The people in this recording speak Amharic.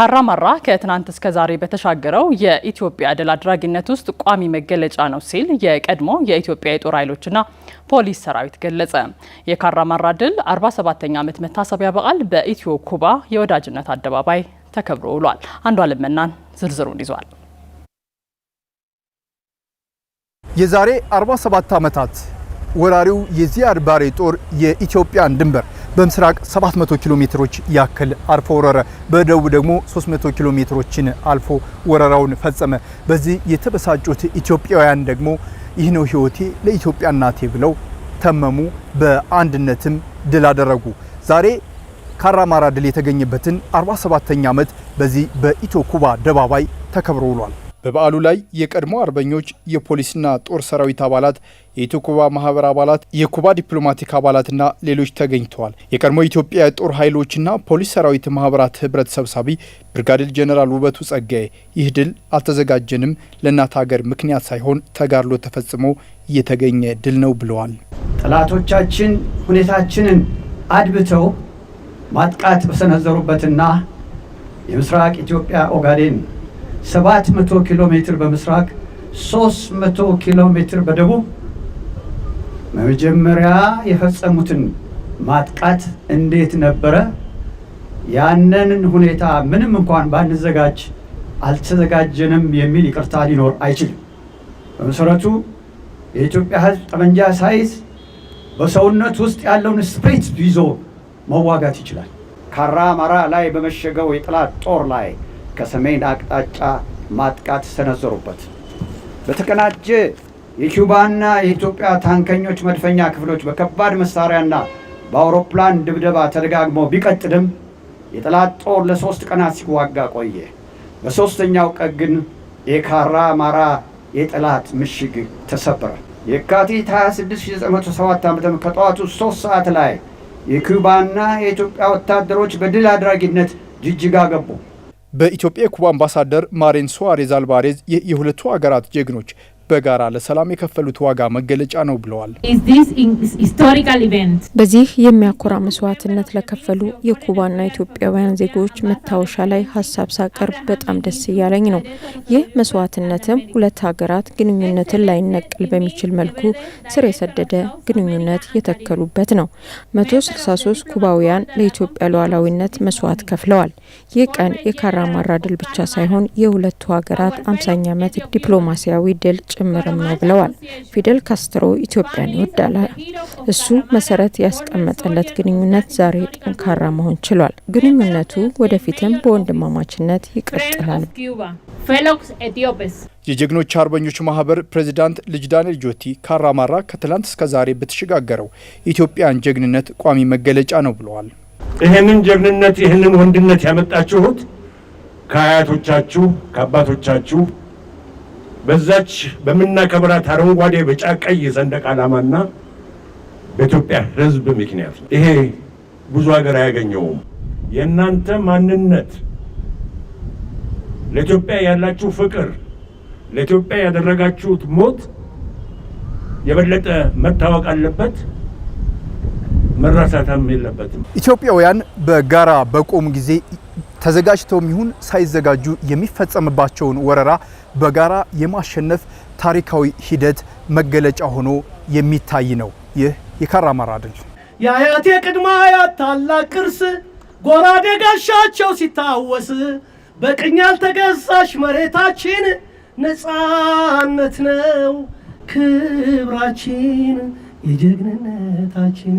ካራማራ ከትናንት እስከ ዛሬ በተሻገረው የኢትዮጵያ ድል አድራጊነት ውስጥ ቋሚ መገለጫ ነው ሲል የቀድሞ የኢትዮጵያ የጦር ኃይሎችና ፖሊስ ሰራዊት ገለጸ። የካራማራ ድል 47ኛ ዓመት መታሰቢያ በዓል በኢትዮ ኩባ የወዳጅነት አደባባይ ተከብሮ ውሏል። አንዷለም መናን ዝርዝሩን ይዟል። የዛሬ 47 ዓመታት ወራሪው የዚያድ ባሬ ጦር የኢትዮጵያን ድንበር በምስራቅ 700 ኪሎ ሜትሮች ያክል አርፎ ወረረ። በደቡብ ደግሞ 300 ኪሎ ሜትሮችን አልፎ ወረራውን ፈጸመ። በዚህ የተበሳጩት ኢትዮጵያውያን ደግሞ ይህ ነው ህይወቴ፣ ለኢትዮጵያ እናቴ ብለው ተመሙ። በአንድነትም ድል አደረጉ። ዛሬ ካራማራ ድል የተገኘበትን 47ኛ ዓመት በዚህ በኢቶ ኩባ አደባባይ ተከብሮ ውሏል። በበዓሉ ላይ የቀድሞ አርበኞች፣ የፖሊስና ጦር ሰራዊት አባላት፣ የኢትዮኩባ ማህበር አባላት፣ የኩባ ዲፕሎማቲክ አባላትና ሌሎች ተገኝተዋል። የቀድሞ ኢትዮጵያ የጦር ኃይሎችና ፖሊስ ሰራዊት ማህበራት ህብረት ሰብሳቢ ብርጋዴር ጀኔራል ውበቱ ጸጋዬ ይህ ድል አልተዘጋጀንም፣ ለእናት ሀገር ምክንያት ሳይሆን ተጋድሎ ተፈጽሞ እየተገኘ ድል ነው ብለዋል። ጠላቶቻችን ሁኔታችንን አድብተው ማጥቃት በሰነዘሩበትና የምስራቅ ኢትዮጵያ ኦጋዴን መቶ ኪሎ ሜትር በምስራቅ መቶ ኪሎ ሜትር በደቡብ በመጀመሪያ የፈጸሙትን ማጥቃት እንዴት ነበረ? ያንን ሁኔታ ምንም እንኳን ባንዘጋጅ አልተዘጋጀንም የሚል ይቅርታ ሊኖር አይችልም። በመሰረቱ የኢትዮጵያ ሕዝብ ጠመንጃ ሳይዝ በሰውነት ውስጥ ያለውን ስፕሪት ይዞ መዋጋት ይችላል። ካራ አማራ ላይ በመሸገው የጠላት ጦር ላይ ከሰሜን አቅጣጫ ማጥቃት ሰነዘሩበት። በተቀናጀ የኪውባና የኢትዮጵያ ታንከኞች መድፈኛ ክፍሎች በከባድ መሳሪያና በአውሮፕላን ድብደባ ተደጋግሞ ቢቀጥልም የጠላት ጦር ለሶስት ቀናት ሲዋጋ ቆየ። በሦስተኛው ቀን ግን የካራ ማራ የጠላት ምሽግ ተሰበረ። የካቲት 26907 ዓ.ም ከጠዋቱ ሶስት ሰዓት ላይ የኩባና የኢትዮጵያ ወታደሮች በድል አድራጊነት ጅጅጋ ገቡ። በኢትዮጵያ የኩባ አምባሳደር ማሬን ሶዋሬዝ አልባሬዝ የሁለቱ አገራት ጀግኖች በጋራ ለሰላም የከፈሉት ዋጋ መገለጫ ነው ብለዋል። በዚህ የሚያኮራ መስዋዕትነት ለከፈሉ የኩባና ኢትዮጵያውያን ዜጎች መታወሻ ላይ ሀሳብ ሳቀርብ በጣም ደስ እያለኝ ነው። ይህ መስዋዕትነትም ሁለት ሀገራት ግንኙነትን ላይነቀል በሚችል መልኩ ስር የሰደደ ግንኙነት የተከሉበት ነው። 163 ኩባውያን ለኢትዮጵያ ሉዓላዊነት መስዋዕት ከፍለዋል። ይህ ቀን የካራማራ ድል ብቻ ሳይሆን የሁለቱ ሀገራት አምሳኛ ዓመት ዲፕሎማሲያዊ ድል ጭምርም ነው ብለዋል። ፊደል ካስትሮ ኢትዮጵያን ይወዳል። እሱ መሰረት ያስቀመጠለት ግንኙነት ዛሬ ጠንካራ መሆን ችሏል። ግንኙነቱ ወደፊትም በወንድማማችነት ይቀጥላል። የጀግኖች አርበኞች ማህበር ፕሬዚዳንት ልጅ ዳንኤል ጆቲ ካራማራ ከትላንት እስከ ዛሬ በተሸጋገረው ኢትዮጵያን ጀግንነት ቋሚ መገለጫ ነው ብለዋል። ይህንን ጀግንነት ይህንን ወንድነት ያመጣችሁት ከአያቶቻችሁ ከአባቶቻችሁ በዛች በምናከብራት አረንጓዴ፣ ቢጫ፣ ቀይ ሰንደቅ ዓላማና በኢትዮጵያ ሕዝብ ምክንያት ነው። ይሄ ብዙ ሀገር አያገኘውም። የእናንተ ማንነት፣ ለኢትዮጵያ ያላችሁ ፍቅር፣ ለኢትዮጵያ ያደረጋችሁት ሞት የበለጠ መታወቅ አለበት። መረሳታም የለበትም። ኢትዮጵያውያን በጋራ በቆሙ ጊዜ ተዘጋጅተውም ይሁን ሳይዘጋጁ የሚፈጸምባቸውን ወረራ በጋራ የማሸነፍ ታሪካዊ ሂደት መገለጫ ሆኖ የሚታይ ነው። ይህ አማራ ድል የአያቴ ቅድመ አያት ታላቅ ቅርስ ጎራዴ ጋሻቸው ሲታወስ በቅኝ ያልተገዛሽ መሬታችን ነፃነት ነው ክብራችን። የጀግንነታችን